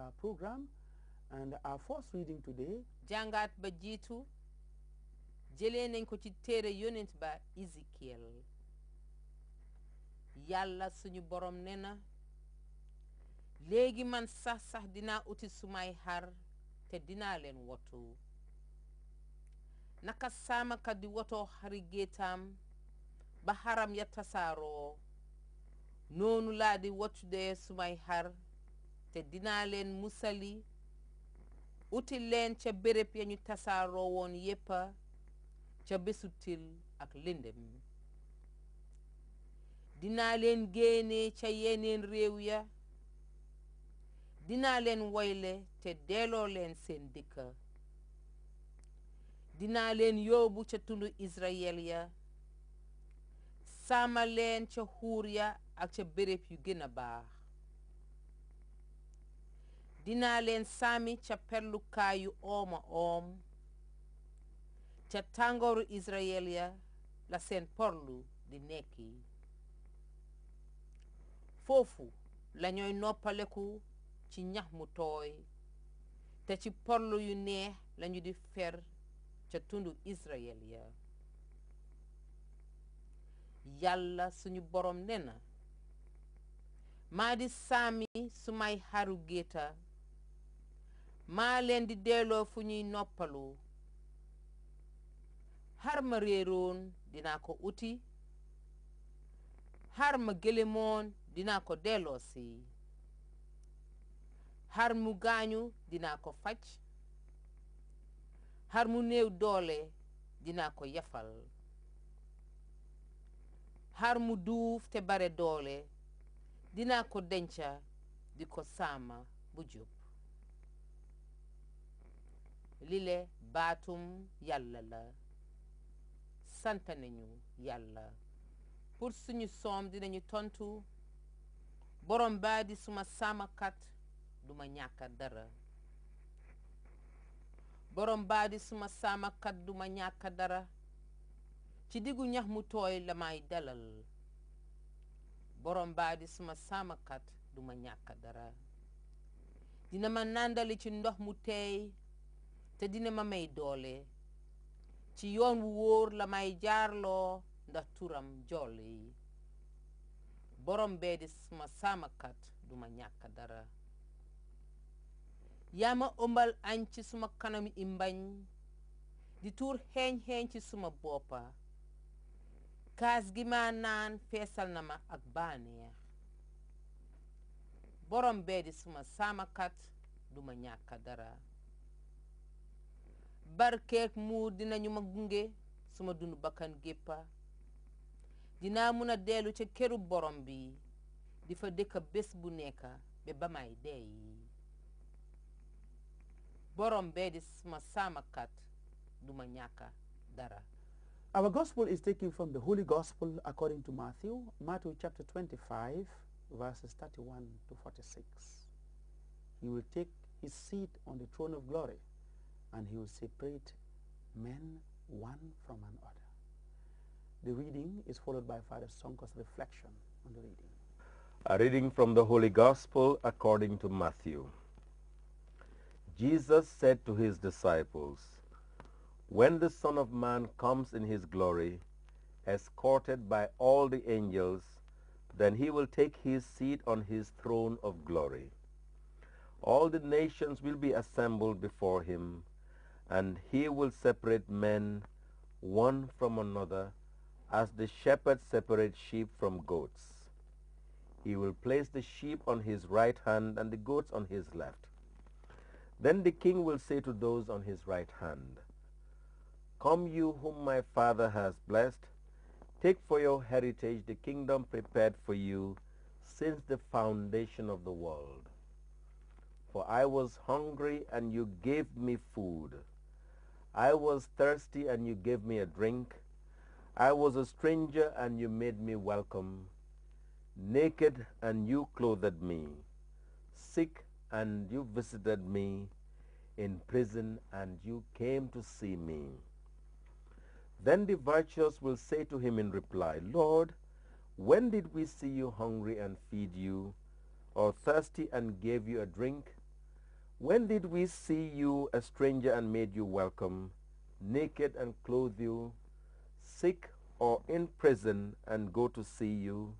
our program and jàngaat ba jiitu jëlee nañ ko ci téere yonent ba Ezekiel yàlla suñu borom ne na léegi man sax-sax dinaa uti sumay xar te dinaa leen wotu naka saamakat di woto xari géetaam ba xaram ya tasaaroo noonu laa di wotu dee sumay xar te dinaa leen musali uti leen ca béréb yañu tasaaroo woon yéppa ca bésu til ak lindem dinaa leen génne ca yeneen réew ya dinaa leen woyle te deeloo leen seen dëkka dinaa leen yóbbu ca tundu Israel ya saama leen ca xuur ya ak ca béréb yu gën a baax dina leen sàmmi ca perlukaayu ooma oom ca tàngooru Israel ya la seen porlu di nekki foofu lañooy noppaleku ci ñax mu tooy te ci porlu yu neex lañu di fer ca tundu Israel ya yàlla suñu borom ne na maa di sàmmi sumay xaru géeta maa leen di delloo fu ñuy noppaloo har ma réeroon dinaa ko uti har ma gélémoon dinaa ko delloosi har mu gaañu dina ko faj har mu néew doole dinaa ko yafal har mu duuf te bare doole dina ko denca di ko saama bu jub lile baatum yàlla la sant nañu yàlla pour suñu soom dinañu tontu borom baa di suma sàmmkat du ma ñàkk dara borom baa di suma sàmmkat du ma ñàkk dara ci diggu ñax mu tooy la may dalal borom baa di suma sàmmkat du ma ñàkk dara dina ma nàndali ci ndox mu teey te dina ma may doole ci yoon wu wóor la may jaarloo ndax turam joll yi borom bee di ma saamakat duma ñàkk dara yaa ombal ëmbal añ ci suma kanam imbañ di tuur xeeñ-xeeñ ci suma boppa kaas gi ma naan feesal na ma ak baaneex borom bee di suma saamakat duma ñàkk dara barkeek muur dinañu ma gunge suma dund bakkan géppa dinaa mun a dellu ca këru borom bi di fa dëkk bés bu nekk ba ba may dee yi borom bee di suma saamakat du ñàkka dara Our gospel is taken from the Holy Gospel according to Matthew, Matthew chapter 25, verses 31 to 46. He will take his seat on the throne of glory and he will separate men one from another. The reading is followed by Father Sonko's reflection on the reading. A reading from the Holy Gospel according to Matthew. Jesus said to his disciples, When the Son of Man comes in his glory, escorted by all the angels, then he will take his seat on his throne of glory. All the nations will be assembled before him, and he will separate men one from another as the shepherd separates sheep from goats. He will place the sheep on his right hand and the goats on his left. Then the king will say to those on his right hand, Come you whom my father has blessed, take for your heritage the kingdom prepared for you since the foundation of the world. For I was hungry and you gave me food. I was thirsty and you gave me a drink. I was a stranger and you made me welcome. Naked and you clothed me. Sick and you visited me. In prison and you came to see me. Then the virtuous will say to him in reply, Lord, when did we see you hungry and feed you, or thirsty and gave you a drink? When did we see you a stranger and made you welcome, naked and clothed you, sick or in prison and go to see you?